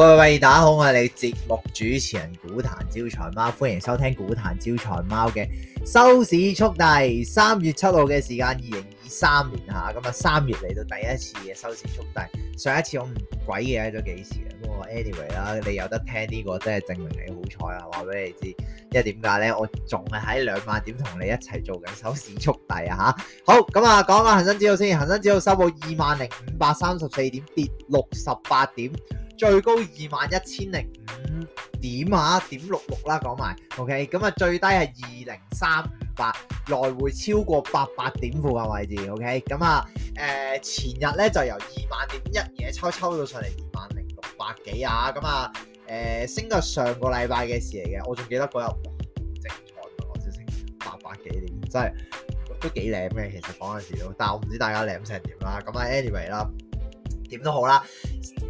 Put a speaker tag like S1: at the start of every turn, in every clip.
S1: 喂喂，喂，大家好我係你節目主持人股壇招財貓，歡迎收聽股壇招財貓嘅收市速遞，三月七號嘅時間，二零二三年下，咁啊三月嚟到第一次嘅收市速遞，上一次我唔鬼嘢都幾時嘅。anyway 啦，你有得聽呢、這個，真係證明你好彩啦。話俾你知，因為點解咧？我仲係喺兩萬點同你一齊做緊收市速遞啊！吓，好咁啊，講下恒生指數先，恒生指數收報二萬零五百三十四點，跌六十八點，最高二萬一千零五點啊，點六六啦，講埋。OK，咁、嗯、啊，最低係二零三五八，來回超過八百點幅嘅位置。OK 咁啊，誒、嗯，前日咧就由二萬點一嘢抽抽到上嚟。幾啊咁啊，誒、呃，升個上個禮拜嘅事嚟嘅，我仲記得嗰日，哇，精彩！我先升八百幾點，真係都幾靚咩？其實講嗰時都，但係我唔知大家靚成點啦。咁啊，anyway 啦，點都好啦。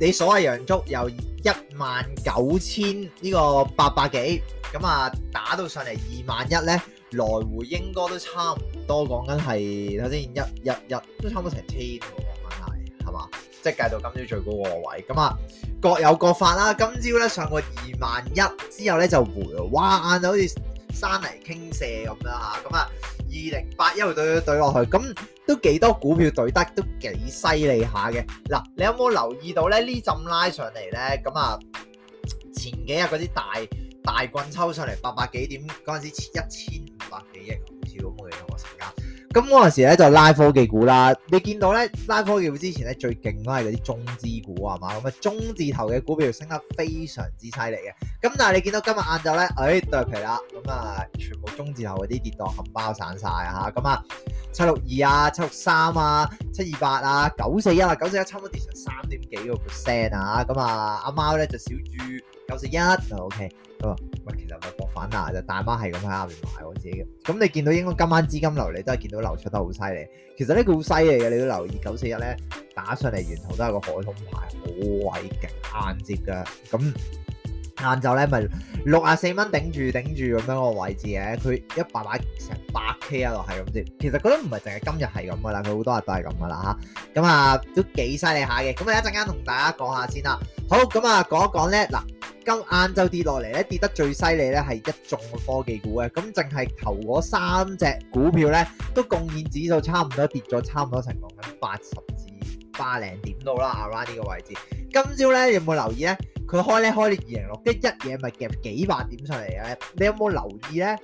S1: 你所謂陽燭19，由一萬九千呢個八百幾咁啊，打到上嚟二萬一咧，來回應該都差唔多。講緊係頭先，日日日都差唔多成千喎，萬下係嘛？即係計到今朝最高個位，咁啊各有各法啦。今朝咧上過二萬一之後咧就回，哇硬就好似山泥傾瀉咁樣嚇。咁啊二零八一路對對落去，咁都幾多股票對得都幾犀利下嘅。嗱，你有冇留意到咧呢陣拉上嚟咧？咁啊前幾日嗰啲大大棍抽上嚟八百幾點嗰陣時，一千五百幾億，好似有冇注意我成交。咁嗰陣時咧就拉科技股啦，你見到咧拉科技股之前咧最勁都係嗰啲中資股啊嘛，咁啊中字頭嘅股票升得非常之犀利嘅。咁但係你見到今日晏晝咧，哎剁皮啦，咁啊全部中字頭嗰啲跌到冚包散晒嚇，咁啊七六二啊、七六三啊、七二八啊、九四一啊、九四一差唔多跌成三點幾個 percent 啊，咁啊阿貓咧就少注九四一，OK。啊、嗯，其實咪博反彈就大媽係咁喺下面買我自己嘅。咁你見到應該今晚資金流，你都係見到流出得好犀利。其實呢個好犀利嘅，你都留意九四一咧打上嚟，沿途都係個海通牌，好鬼勁，硬接嘅。咁晏晝咧咪六啊四蚊頂住頂住咁樣個位置嘅，佢一百擺成百 K 啊落係咁接。其實覺得唔係淨係今日係咁嘅啦，佢好多日都係咁嘅啦吓，咁啊都幾犀利下嘅。咁啊一陣間同大家講下先啦。好，咁啊講一講咧嗱。今晏晝就跌落嚟咧，跌得最犀利咧係一眾科技股呀，咁淨係頭嗰三隻股票咧，都貢獻指數差唔多跌咗差唔多成講緊八十至八零點到啦，around 呢個位置。今朝咧有冇留意咧？佢開咧開二零六，跟一嘢咪夾幾百點上嚟嘅？你有冇留意咧？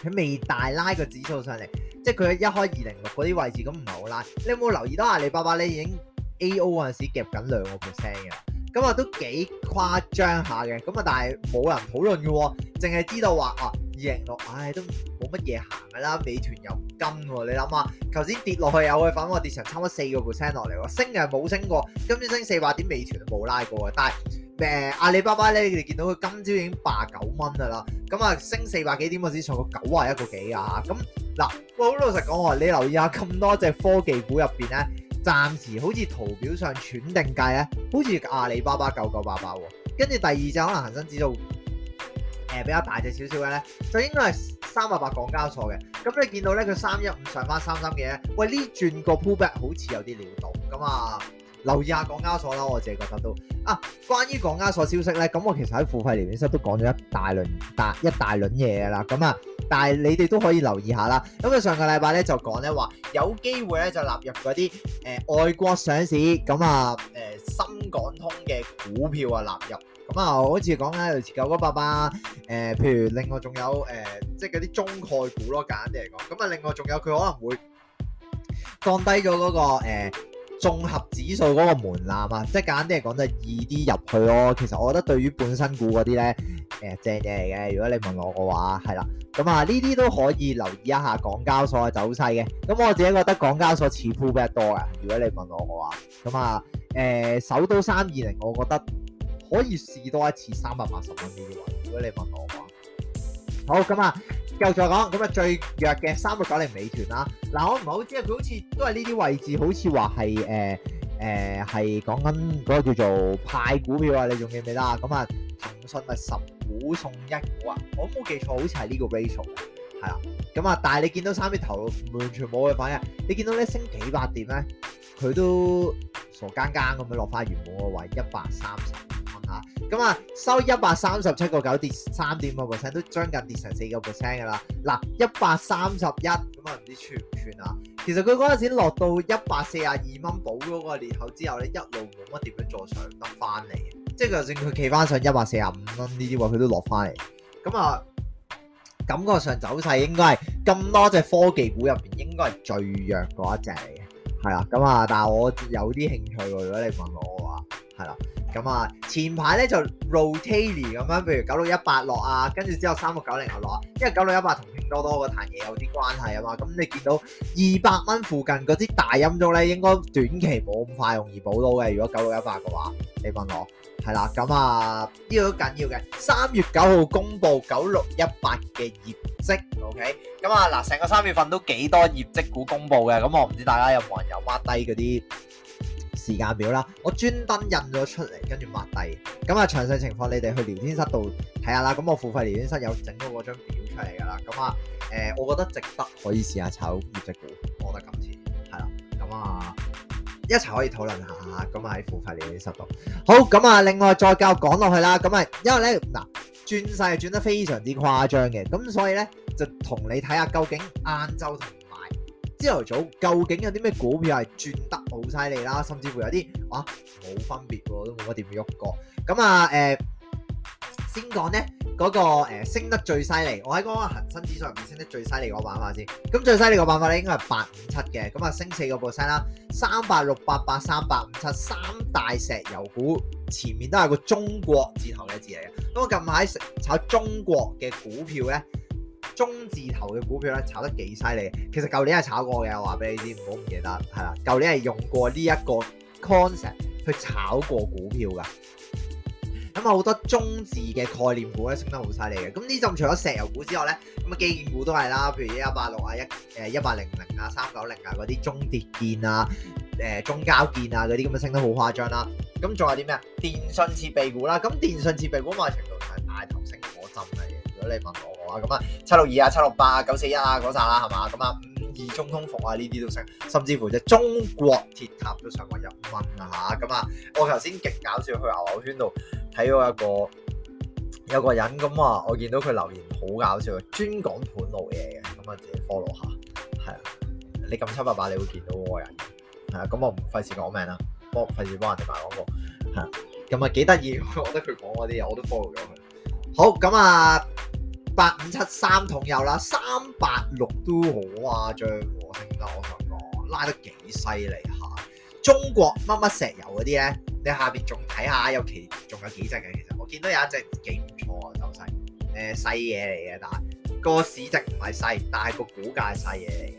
S1: 佢未大拉個指數上嚟，即係佢一開二零六嗰啲位置，咁唔係好拉。你有冇留意到阿里巴巴咧已經 A O 嗰陣時夾緊兩個 percent 嘅？咁啊，都幾誇張下嘅，咁啊，但係冇人討論嘅喎，淨係知道話啊，二零六，唉、哎，都冇乜嘢行嘅啦。美團又金喎，你諗下，頭先跌落去有去返，我跌成差唔多四個 percent 落嚟喎，升又冇升過，今朝升四百點，美團冇拉過嘅。但係誒、呃，阿里巴巴咧，你哋見到佢今朝已經八九蚊啦，咁啊，升四百幾點，我只上過九啊一個幾啊，咁嗱，我好老實講喎，你留意下咁多隻科技股入邊咧。暫時好似圖表上斷定界咧，好似阿里巴巴九九八八喎，跟住、啊、第二隻可能恒生指數誒、呃、比較大隻少少嘅咧，就應該係三百八港交所嘅。咁你見到咧，佢三一五上翻三三嘅，喂呢轉個 pullback 好似有啲料到，咁啊，留意下港交所啦。我淨係覺得都啊。關於港交所消息咧，咁我其實喺付費年報室都講咗一大輪大一大輪嘢啦，咁啊。但係你哋都可以留意下啦。咁佢上個禮拜咧，就講咧，話有機會咧，就納入嗰啲誒外國上市咁啊，誒深港通嘅股票啊納入。咁啊好似講緊類似九哥爸爸誒，譬如另外仲有誒、呃、即係嗰啲中概股咯，簡單嚟講。咁啊另外仲有佢可能會降低咗嗰、那個、呃綜合指數嗰個門檻啊，即係簡單啲嚟講就易啲入去咯。其實我覺得對於半新股嗰啲咧，誒、欸、正嘢嚟嘅。如果你問我，嘅話係啦，咁啊呢啲都可以留意一下港交所嘅走勢嘅。咁我自己覺得港交所似乎比較多啊。如果你問我，嘅話咁啊誒，首都三二零，我覺得可以試多一次三百八十蚊呢啲位。如果你問我嘅話，好咁啊。繼續再講咁啊，最弱嘅三六九零美團啦。嗱，我唔係好知啊，佢好似都係呢啲位置，好似話係誒誒係講緊嗰個叫做派股票啊。你仲記唔記得啊？咁啊，騰訊咪十股送一股啊。我冇記錯，好似係呢個 ratio。係啊，咁啊，但係你見到三月頭完全冇嘅反應，你見到咧升幾百點咧，佢都傻更更咁樣落翻原本個位一百三十。嚇咁啊，收一百三十七個九跌三點五 percent，都將近跌成四個 percent 噶啦。嗱，一百三十一咁啊，唔、嗯、知穿唔穿啊？其實佢嗰陣時落到一百四十二蚊補個裂口之後咧，一路冇乜點樣坐上得翻嚟，即係就算佢企翻上一百四十五蚊呢啲話，佢都落翻嚟。咁、嗯、啊，感覺上走勢應該係咁多隻科技股入邊應該係最弱嗰一隻嚟嘅，係啦。咁、嗯、啊，但係我有啲興趣喎，如果你問我嘅話，係啦。咁啊，前排咧就 rotate 咁樣，譬如九六一八落啊，跟住之後三六九零又落，啊。因為九六一八同拼多多嗰壇嘢有啲關係啊嘛。咁你見到二百蚊附近嗰啲大陰燭咧，應該短期冇咁快容易補到嘅。如果九六一八嘅話，你問我係啦。咁啊，呢個都緊要嘅。三月九號公布九六一八嘅業績。OK，咁啊，嗱，成個三月份都幾多業績股公布嘅。咁我唔知大家有冇人有挖低嗰啲。時間表啦，我專登印咗出嚟，跟住抹低。咁啊，詳細情況你哋去聊天室度睇下啦。咁我付費聊天室有整到嗰張表出嚟噶啦。咁啊，誒、呃，我覺得值得可以試下炒業績股，我覺得今次係啦。咁啊，一齊可以討論下。咁啊，喺付費聊天室度。好，咁啊，另外再繼續講落去啦。咁啊，因為咧嗱，轉勢轉得非常之誇張嘅，咁所以咧就同你睇下究竟晏晝。朝頭早究竟有啲咩股票係轉得好犀利啦，甚至乎有啲啊冇分別喎，都冇乜點喐過。咁啊誒，先講咧嗰個、呃、升得最犀利，我喺嗰個恆生指數入面升得最犀利個辦法先。咁最犀利個辦法咧應該係八五七嘅，咁啊升四個 percent 啦，三八六、八八三、八五七，三大石油股前面都係個中國字頭嘅字嚟嘅。咁我近排炒中國嘅股票咧。中字頭嘅股票咧，炒得幾犀利，其實舊年係炒過嘅，我話俾你知，唔好唔記得，係啦，舊年係用過呢一個 concept 去炒過股票噶。咁啊好多中字嘅概念股咧升得好犀利嘅，咁呢陣除咗石油股之外咧，咁啊基建股都係啦，譬如一八六啊、一誒一八零零啊、三九零啊嗰啲中鐵建啊、誒、呃、中交建啊嗰啲咁樣升得好誇張啦。咁仲有啲咩啊？電信設備股啦，咁電信設備股某程度係大頭升嗰陣嚟嘅，如果你問我。咁啊，七六二啊，七六八啊，九四一啊，嗰陣啦係嘛，咁啊，五二中通服啊，呢啲都識，甚至乎就中國鐵塔都上過一蚊啊。吓，咁啊，我頭先極搞笑去牛牛圈度睇到一個有一個人咁啊，我見到佢留言好搞笑嘅，專講盤路嘢嘅，咁啊自己 follow 下，係啊，你咁七百八你會見到嗰個人係啊，咁我唔費事講名啦，幫費事幫人哋賣廣告，咁啊幾得意，我覺得佢講嗰啲嘢我都 follow 咗佢，好，咁啊。八五七三桶油啦，三八六都好啊，最喎，聽得我想講，拉得幾犀利下。中國乜乜石油嗰啲咧，你下邊仲睇下有其仲有幾隻嘅，其實我見到有一隻幾唔錯啊，就勢、是。誒細嘢嚟嘅，但係個市值唔係細，但係個股價細嘢嚟嘅。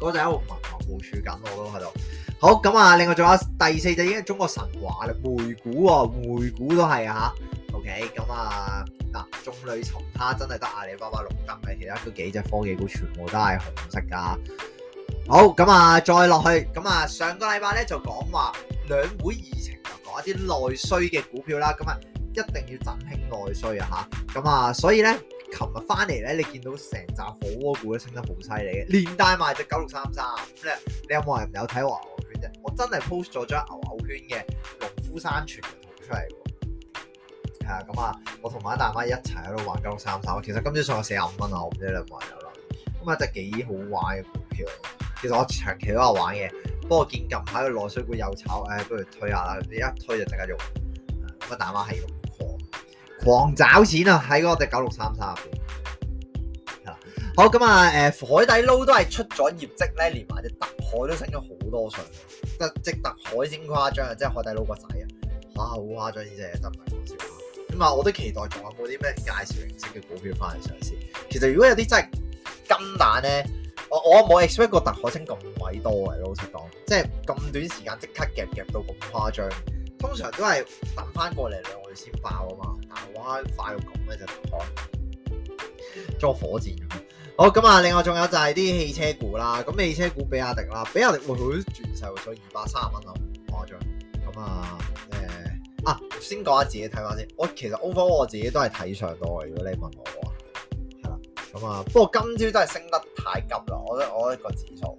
S1: 嗰隻喺度默默部署緊我咯喺度。好，咁啊，另外仲有第四隻已經係中國神華啦，煤股喎、啊，煤股都係啊。O.K. 咁啊，嗱，中旅重他真係得阿里巴巴綠燈咧，其他嗰幾隻科技股全部都係紅色噶。好，咁、嗯、啊，再落去，咁、嗯、啊，上個禮拜咧就講話兩會議程就講一啲內需嘅股票啦，咁、嗯、啊，一定要振興內需啊吓。咁、嗯、啊、嗯，所以咧，琴日翻嚟咧，你見到成扎火鍋股都升得好犀利嘅，連帶埋隻九六三三。咧，你有冇人有睇牛牛圈啫？我真係 post 咗張牛牛圈嘅農夫山泉嘅圖出嚟。係啊，咁啊、嗯，我同埋阿大媽一齊喺度玩九六三三，其實今朝上咗四十五蚊啊，我唔知你玩唔人有啦。咁啊，真係幾好玩嘅股票。其實我長期都有玩嘅，不過見近排個內水股又炒，誒、呃，不如推下啦。你一推就即刻用。咁、嗯、啊，大媽係狂狂找錢啊，喺嗰隻九六三三入面。係、嗯、啦，好咁啊，誒、呃，海底撈都係出咗業績咧，連埋隻特海都升咗好多倍，即特海先誇張啊，即係海底撈個仔啊，嚇好誇張先啫，真唔講笑。啊！我都期待仲有冇啲咩介紹形式嘅股票翻嚟上市。其實如果有啲真係金蛋咧，我我冇 expect 過特海星咁鬼多嘅，老實講。即係咁短時間即刻夾夾到咁誇張，通常都係等翻過嚟兩個月先爆啊嘛。但係嘩快到咁咧就當裝火箭咁。好咁啊！另外仲有就係啲汽車股啦。咁汽車股比亞迪啦，比亞迪會好轉咗，所以二百三十蚊咁誇張。咁啊～啊，先講下自己睇翻先。我其實 overall 我自己都係睇上多嘅。如果你問我啊，係啦，咁啊，不過今朝真係升得太急啦。我覺得我一個指數，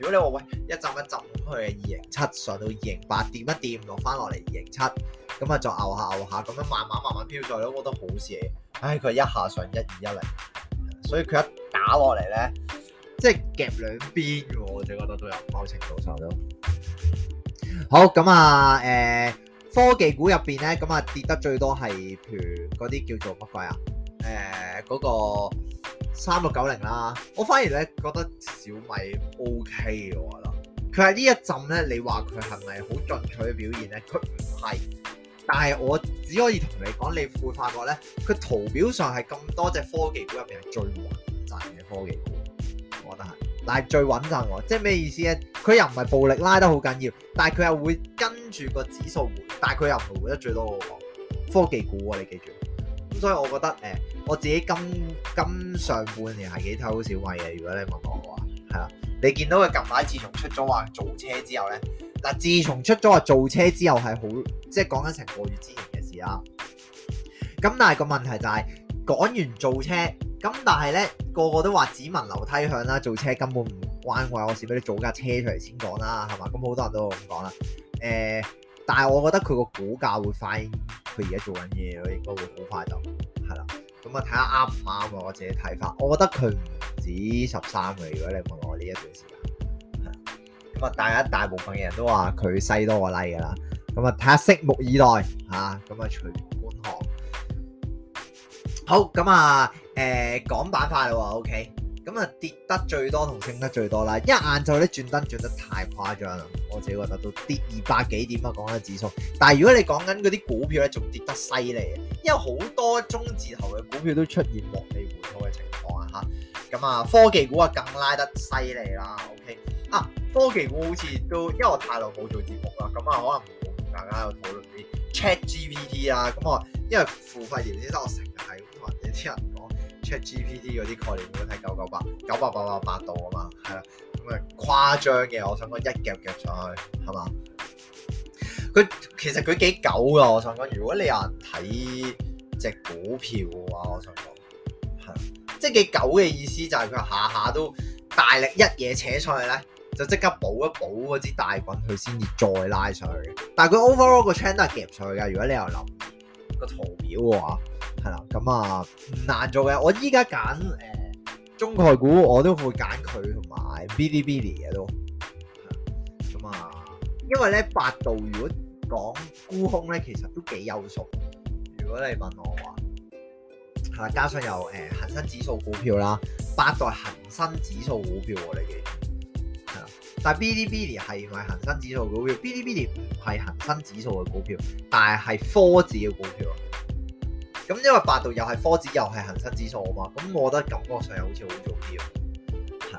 S1: 如果你話喂一浸一浸去二零七上到二零八，掂一掂落翻落嚟二零七，咁啊就拗下拗下，咁樣慢慢慢慢飄咗去，都覺得好事唉，佢一下上一二一零，所以佢一打落嚟咧，即係夾兩邊嘅喎，我覺得都有某程度上都、嗯、好。咁啊，誒、呃。科技股入邊咧，咁啊跌得最多係，譬如嗰啲叫做乜鬼啊？誒、欸，嗰、嗰個三六九零啦，我反而咧覺得小米 O K 嘅。我覺得佢喺呢一陣咧，你話佢係咪好進取嘅表現咧？佢唔係，但係我只可以同你講，你會發覺咧，佢圖表上係咁多隻科技股入邊係最穩陣嘅科技股。但係最穩陣喎，即係咩意思咧？佢又唔係暴力拉得好緊要，但係佢又會跟住個指數回，但係佢又唔會回得最多嘅喎。科技股啊，你記住。咁所以我覺得誒，呃，我自己今今上半年係幾睇好小米嘅。如果你問我嘅話，係啊，你見到佢近排自從出咗話造車之後咧，嗱，自從出咗話造車之後係好，即係講緊成個月之前嘅事啦。咁但係個問題就係。講完做車，咁但係咧個個都話指紋樓梯向啦，做車根本唔關我事，我先俾你做架車出嚟先講啦，係嘛？咁好多人都會咁講啦。誒、欸，但係我覺得佢個股價會快，佢而家做緊嘢，應該會好快就係啦。咁啊睇下啱唔啱啊，我自己睇法，我覺得佢唔止十三嘅。如果你問我呢一段時間，咁啊，大、嗯、家大部分嘅人都話佢細多我例㗎啦。咁、嗯、啊，睇下拭目以待嚇。咁啊，隨、嗯。好咁啊，誒，講板塊啦，OK，咁啊，跌得最多同升得最多啦，因為晏晝啲轉燈轉得太誇張啦，我自己覺得都跌二百幾點啊，講下指數。但係如果你講緊嗰啲股票咧，仲跌得犀利因為好多中字頭嘅股票都出現獲利回吐嘅情況啊，吓。咁啊，科技股啊更拉得犀利啦，OK，啊，科技股好似都，因為我太耐冇做節目啦，咁啊，可能大家有討論啲 ChatGPT 啊。咁啊，因為付慧賢先生我同或者啲人講 ChatGPT 嗰啲概念，要睇九九八九八八八八度啊嘛，係啦，咁、嗯、啊誇張嘅。我想講一夾夾上去，係嘛？佢其實佢幾狗噶，我想講。如果你有人睇隻股票嘅話，我想講，係即係幾狗嘅意思就係佢下下都大力一嘢扯上去咧，就即刻補一補嗰支大棍，佢先至再拉上去。但係佢 overall 個 channel 夾上去㗎。如果你又諗個圖表嘅話。係啦，咁啊唔難做嘅。我依家揀誒中概股，我都會揀佢同埋嗶哩嗶哩嘅都咁啊、嗯。因為咧百度如果講沽空咧，其實都幾優秀。如果你問我話，係啦，加上有誒恒生指數股票啦，百度恒生指數股票我哋嘅係啦，但係嗶哩嗶哩係咪恒生指數股票？嗶哩嗶哩唔係恒生指數嘅股，股，股票，但係係科指嘅股票。咁因為百度又係科指又係恒生指數啊嘛，咁我覺得感覺上又好似好重要咯。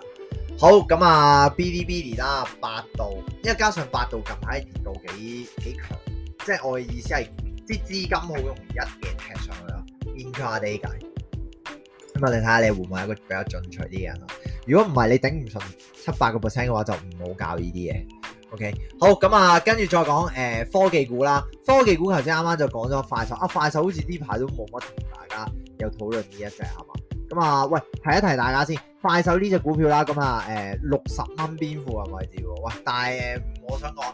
S1: 好，咁啊，Bilibili 啦，百度，因為加上百度近排跌到幾幾強，即係我嘅意思係啲資金好容易一嘢踢上去啦，堅住下跌。咁啊，你睇下你會唔會係一個比較進取啲嘅人？如果唔係，你頂唔順七八個 percent 嘅話就，就唔好搞呢啲嘢。OK，好，咁啊，跟住再講誒科技股啦，科技股頭先啱啱就講咗快手，啊快手好似呢排都冇乜同大家有討論呢一隻係嘛，咁啊、嗯、喂提一提大家先，快手呢隻股票啦，咁啊誒六十蚊邊幅係未知喎，喂，但係誒、呃、我想講誒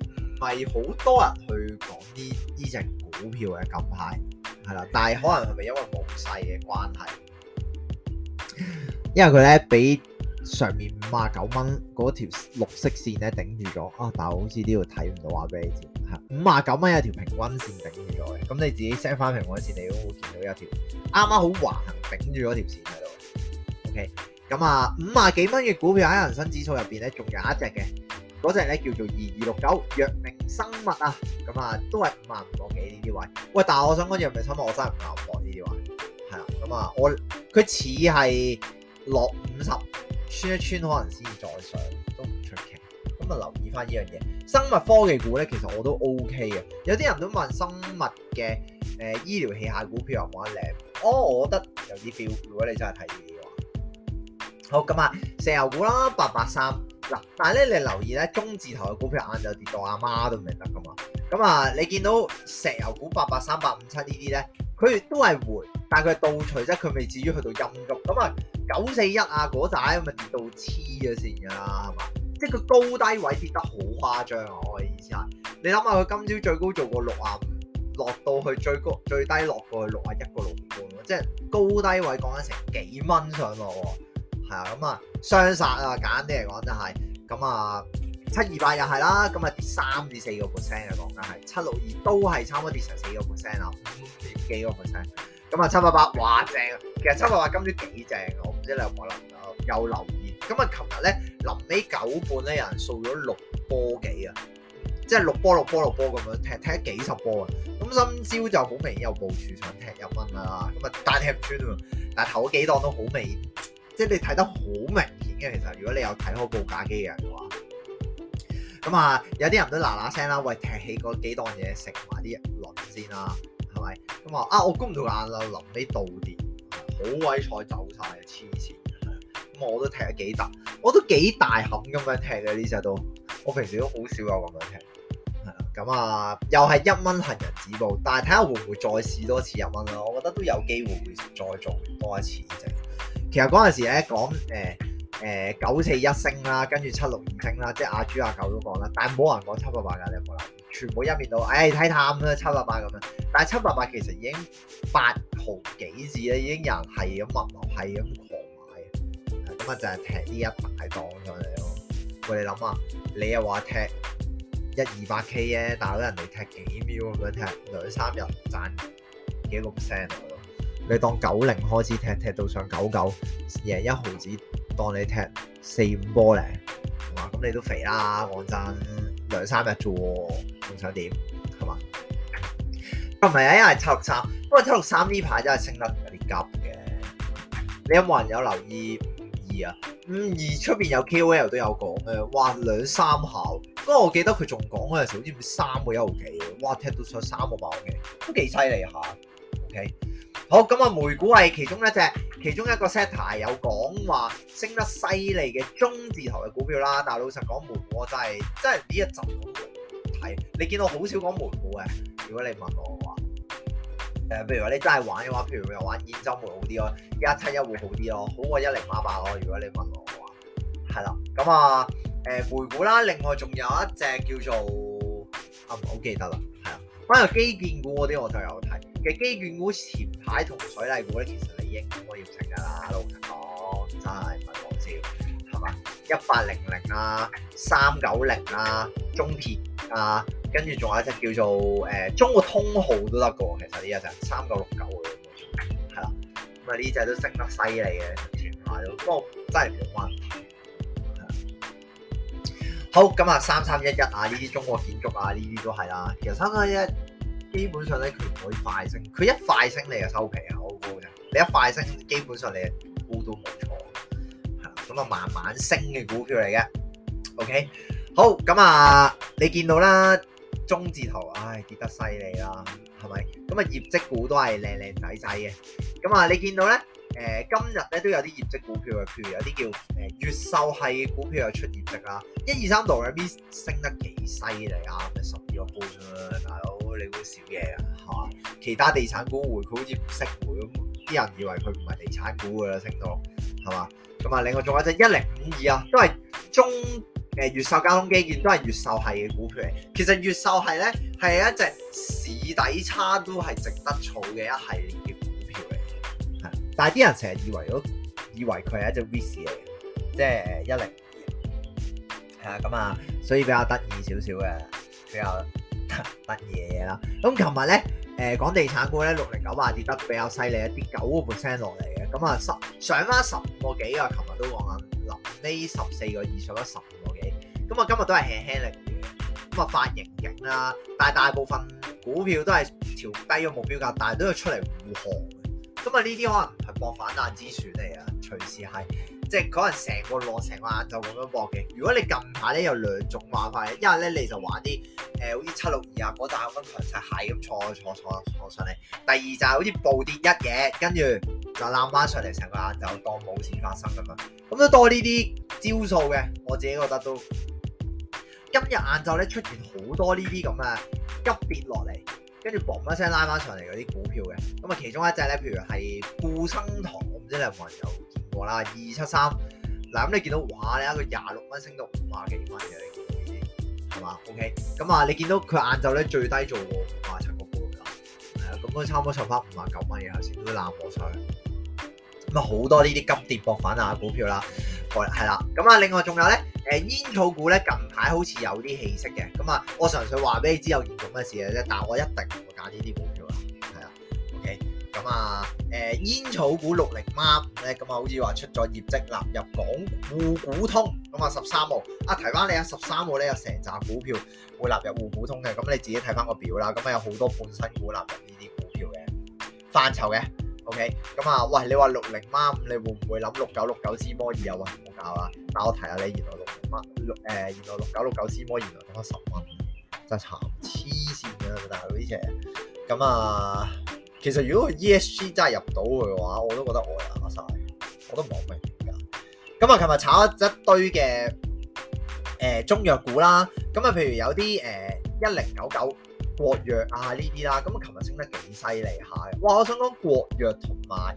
S1: 唔係好多人去講呢呢隻股票嘅近排係啦，但係可能係咪因為冇勢嘅關係，因為佢咧比。上面五啊九蚊嗰條綠色線咧頂住咗啊、哦，但係我好似呢度睇唔到，話俾你知係五啊九蚊有條平均線頂住咗嘅。咁你自己 set 翻平均線，你都會,會見到一條啱啱好橫行頂住嗰條線喺度。OK，咁啊，五啊幾蚊嘅股票喺恒生指數入邊咧，仲有一隻嘅嗰隻咧叫做二二六九藥明生物啊。咁啊，都係五啊五幾呢啲位喂。但係我想講嘢，藥明生物我真係唔教貨呢啲位係啊。咁啊，我佢似係落五十。穿一穿可能先至再上，都唔出奇。咁啊，留意翻呢樣嘢，生物科技股咧，其實我都 O K 嘅。有啲人都問生物嘅誒、呃、醫療器械股票有冇得領？哦，我覺得有啲表。如果你真係睇呢啲嘅話，好，咁啊，石油股啦，八八三嗱，但係咧你留意咧，中字頭嘅股票晏晝跌到阿媽都唔認得噶嘛。咁啊，你見到石油股八八三、八五七呢啲咧？佢亦都係回，但係佢係倒除啫，佢未至於去到陰谷咁啊。九四一啊，嗰仔咪跌到黐咗線㗎啦，係嘛？即係佢高低位跌得好誇張啊！我嘅意思係，你諗下佢今朝最高做過六啊五，落到去最高最低落過去六啊一個六半喎，即係高低位講緊成幾蚊上落喎，係啊咁啊，雙殺啊！簡單啲嚟講就係咁啊。七二八又係啦，咁啊跌三至四個 percent 嘅講緊係七六二都係差唔多跌成四個 percent 啊，幾多 percent？咁啊七八八哇正，其實七八八今朝幾正、啊，我唔知你有冇能夠有留意。咁啊，琴日咧臨尾九半咧有人掃咗六波幾啊，即係六波六波六波咁樣踢，踢幾十波啊。咁今朝就好明顯有部署想踢一蚊啦、啊，咁啊單踢唔穿，但係頭幾檔都好明，即係你睇得好明顯嘅其實，如果你有睇嗰個報價機嘅人嘅話。咁啊，有啲人都嗱嗱聲啦，喂，踢起嗰幾檔嘢食埋啲輪先啦，係咪？咁啊，啊我估唔到眼啊，臨尾到電，好鬼彩走曬，黐線！咁我都踢咗幾大，我都幾大冚咁樣踢嘅呢隻都，我平時都好少有咁樣踢。係啊，咁啊，又係一蚊行人止步，但係睇下會唔會再試多次一蚊咯？我覺得都有機會會再做多一次啫。其實嗰陣時咧講誒。欸誒、呃、九四一升啦，跟住七六二升啦，即係阿豬阿狗都講啦，但係冇人講七八八㗎，你有冇啊？全部一面倒，哎睇淡啦七八八咁樣，但係七八八其實已經八毫幾字咧，已經有人係咁默默係咁狂買，咁啊就係踢呢一大檔上嚟咯。我哋諗下，你又話踢一二八 K 耶，大佬人哋踢幾秒咁樣踢兩三日賺幾六 percent，你當九零開始踢，踢到上九九贏一毫子。當你踢四五波咧，哇、嗯！咁你都肥啦，講真，兩三日啫，仲想點係嘛？同埋啊，因為七六三，不過七六三呢排真係升得有啲急嘅。你有冇人有留意五二啊？五二出邊有 KOL 都有講嘅，哇！兩三下。不過我記得佢仲講嗰陣時，好似唔三個一毫幾，哇！踢到出三個百幾，都幾犀利下。OK，好，咁啊，美股係其中一隻。其中一個 set 牌有講話升得犀利嘅中字頭嘅股票啦，但係老實講，煤股我真係真係呢一陣冇睇。你見到我好少講煤股嘅。如果你問我嘅話，誒、呃，譬如話你真係玩嘅話，譬如話玩兗州煤好啲咯，一七一會好啲咯，好過一零八八咯。如果你問我嘅話，係啦，咁啊誒，煤、呃、股啦，另外仲有一隻叫做、嗯、我唔好記得啦，係啊，反而基建股嗰啲我就有睇嘅基建股前排同水泥股咧，其實。我咁都要升噶啦，老實講真係唔係講笑，係嘛？一八零零啦，三九零啦，中鐵啊，跟住仲有一隻叫做誒、呃、中國通號都得嘅，其實呢一隻三九六九嘅，係啦，咁啊呢隻都升得犀利嘅，全派都，不過真係冇乜問題。好，咁啊三三一一啊呢啲中國建築啊呢啲都係啦，其實三三一一，基本上咧佢唔會快升，佢一快升你就收皮啊，好高嘅。你一快升，基本上你估都冇錯，嚇咁啊，慢慢升嘅股票嚟嘅，OK，好咁啊、嗯，你見到啦，中字頭唉跌得犀利啦，係咪？咁、嗯、啊業績股都係靚靚仔仔嘅，咁、嗯、啊、嗯、你見到咧，誒、呃、今日咧都有啲業績股票嘅，譬如有啲叫誒越、呃、秀係股票又出業績啦，一二三度嘅 B 升得幾犀利啊，十二個半啊，大佬你會少嘢啊，係嘛？其他地產股會佢好似唔識會咁。嗯啲人以為佢唔係地產股嘅程度，多係嘛？咁啊，另外仲有一隻一零五二啊，都係中誒越秀交通基建，都係越秀係嘅股票嚟。其實越秀係咧係一隻市底差都係值得儲嘅一系列嘅股票嚟。係，但係啲人成日以為，以為佢係一隻 whisky 即係一零，係啊，咁啊，所以比較得意少少嘅，比較。乜嘢啦？咁琴日咧，誒、呃、講地產股咧，六零九八跌得比較犀利，一跌九個 percent 落嚟嘅。咁啊十上翻十五個幾啊，琴、嗯、日都講緊臨呢十四個二上翻十五個幾。咁啊今日都係輕輕力跌。咁、嗯、啊，發盈警啦，但係大部分股票都係調低個目標價，但係都要出嚟護航。咁啊呢啲可能係博反彈之選嚟啊，隨時係。即係可能成個落成個晏晝咁樣搏嘅。如果你近排咧有兩種玩法嘅，一係咧你就玩啲誒、呃，好似七六二啊嗰陣咁強勢係咁坐坐坐坐上嚟。第二就係好似暴跌一嘢，跟住就攬翻上嚟，成個晏晝當冇事發生咁樣。咁都多呢啲招數嘅，我自己覺得都今日晏晝咧出現好多呢啲咁嘅急跌落嚟，跟住嘣一聲拉翻上嚟嗰啲股票嘅。咁啊其中一隻咧，譬如係固生堂，我唔知你有冇人有。過啦，二七三嗱，咁你見到哇，一個廿六蚊升到五十幾蚊嘅，係、嗯、嘛？OK，咁、嗯、啊，你見到佢晏晝咧最低做五十七個半，係啊，咁都、嗯、差唔多上翻五十九蚊嘅，有少少難博上。咁、嗯、啊，好多呢啲金跌博反啊，股票啦，係、嗯、啦。咁啊、嗯嗯，另外仲有咧，誒，煙草股咧近排好似有啲氣息嘅。咁啊，我純粹話俾你知有嚴重嘅事嘅啫，但係我一定唔會揀呢啲股。咁啊，誒、嗯，煙草股六零孖咧，咁、嗯、啊，好似話出咗業績納入港股股通。咁啊十三號，啊提翻你啊，十三號咧有成扎股票會納入滬股通嘅，咁、嗯、你自己睇翻個表啦，咁、嗯、啊有好多半新股納入呢啲股票嘅範疇嘅，OK，咁、嗯、啊、嗯，喂，你話六零孖，你會唔會諗六九六九思摩爾啊？冇搞啊，嗱我提下你，原來六零孖六誒，原來六九六九思摩爾原來同我十蚊，真慘，黐綫啊大佬呢隻，咁、嗯、啊。嗯嗯其實如果佢 E S G 真係入到去嘅話，我都覺得我又打曬，我都唔係好明㗎。咁啊，琴日炒一堆嘅誒、呃、中藥股啦，咁啊，譬如有啲誒一零九九國藥啊呢啲啦，咁啊，琴日升得幾犀利下嘅。哇！我想講國藥同埋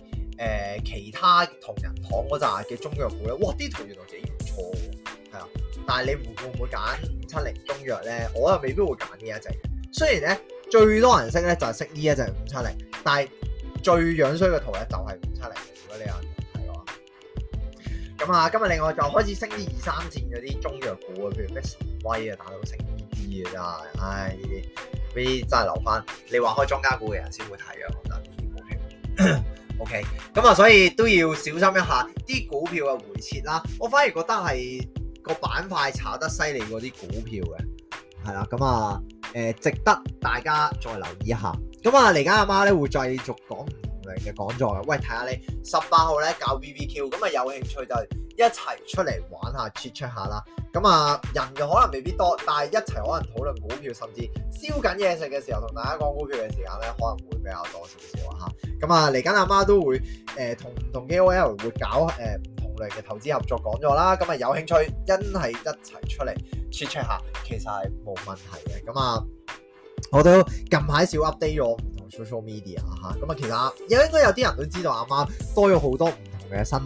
S1: 誒其他同仁堂嗰扎嘅中藥股咧，哇！啲圖原來幾唔錯，係啊。但係你會唔會揀五七零中藥咧？我又未必會揀呢一隻。雖然咧最多人識咧就係識呢一隻五七零。但係最樣衰嘅圖咧，就係五七零。如果你有睇嘅話，咁啊，今日另外就開始升啲二三線嗰啲中藥股啊，譬如咩神威啊，打到成呢啲嘅真係，唉呢啲，呢啲真係留翻。你話開莊家股嘅人先會睇啊，我覺得呢啲股票。 OK。咁啊，所以都要小心一下啲股票嘅回撤啦。我反而覺得係個板塊炒得犀利嗰啲股票嘅，係啦。咁啊，誒、呃，值得大家再留意一下。咁啊，嚟緊阿媽咧會繼續講唔同類嘅講座嘅，喂，睇下你十八號咧搞 BBQ，咁啊有興趣就一齊出嚟玩下，切磋下啦。咁啊，人又可能未必多，但係一齊可能討論股票，甚至燒緊嘢食嘅時候，同大家講股票嘅時間咧可能會比較多少少啊嚇。咁啊，嚟緊阿媽都會誒、呃、同同 KOL 會搞誒唔、呃、同類嘅投資合作講座啦。咁啊有興趣真係一齊出嚟切磋下，其實係冇問題嘅。咁啊。我都近排少 update 咗唔同 social media 嚇，咁啊其實有應該有啲人都知道阿貓多咗好多唔同嘅新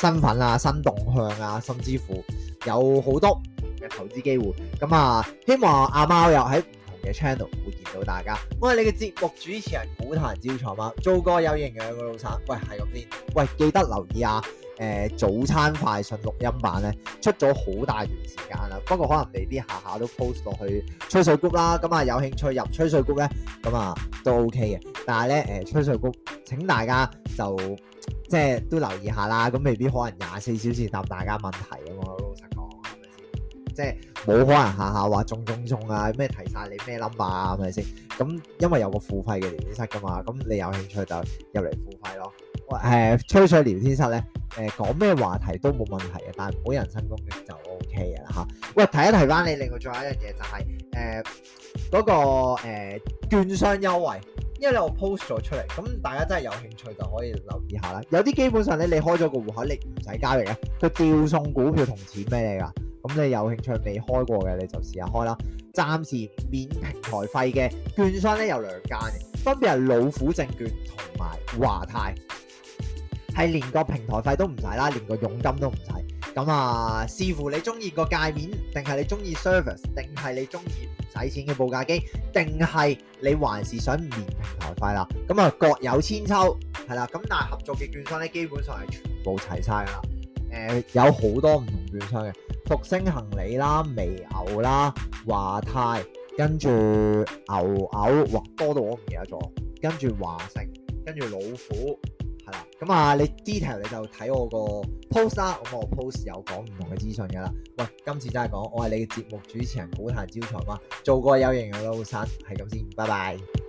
S1: 身份啊、新動向啊，甚至乎有好多唔同嘅投資機會。咁啊，希望阿貓又喺唔同嘅 channel 會見到大家。我係你嘅節目主持人股壇招財貓，做個有營養嘅老實。喂，係咁先，喂記得留意啊！誒、呃、早餐快訊錄音版咧，出咗好大段時間啦。不過可能未必下下都 post 落去吹水谷啦。咁啊，有興趣入吹水谷咧，咁啊都 OK 嘅。但係咧，誒吹水谷請大家就即係都留意下啦。咁未必可能廿四小時答大家問題啊嘛。老實講，係咪先？即係冇可能下下話中中中啊！咩提晒你咩 number 啊？係咪先？咁因為有個付費嘅年資噶嘛。咁你有興趣就入嚟付費咯。喂、呃，吹水聊天室咧，誒講咩話題都冇問題嘅，但唔好人身攻擊就 O K 嘅啦嚇。喂，提一提翻你，另外仲有一樣嘢就係誒嗰個、呃、券商優惠，因為咧我 post 咗出嚟，咁大家真係有興趣就可以留意下啦。有啲基本上咧，你開咗個戶口，你唔使交易嘅，佢調送股票同錢俾你㗎。咁你有興趣未開過嘅，你就試下開啦。暫時免平台費嘅券商咧有兩間嘅，分別係老虎證券同埋華泰。係連個平台費都唔使啦，連個佣金都唔使。咁啊，視乎你中意個界面，定係你中意 service，定係你中意唔使錢嘅報價機，定係你還是想免平台費啦。咁啊，各有千秋，係啦。咁但係合作嘅券商咧，基本上係全部齊晒噶啦。誒、呃，有好多唔同券商嘅，復星恆利啦、微牛啦、華泰，跟住牛牛，哇，多到我唔記得咗。跟住華盛，跟住老虎。係啦，咁啊，你 detail 你就睇我個 post 啦，咁我 post 有講唔同嘅資訊噶啦。喂，今次真係講，我係你嘅節目主持人股壇招財貓，做個有型嘅老陳，係咁先，拜拜。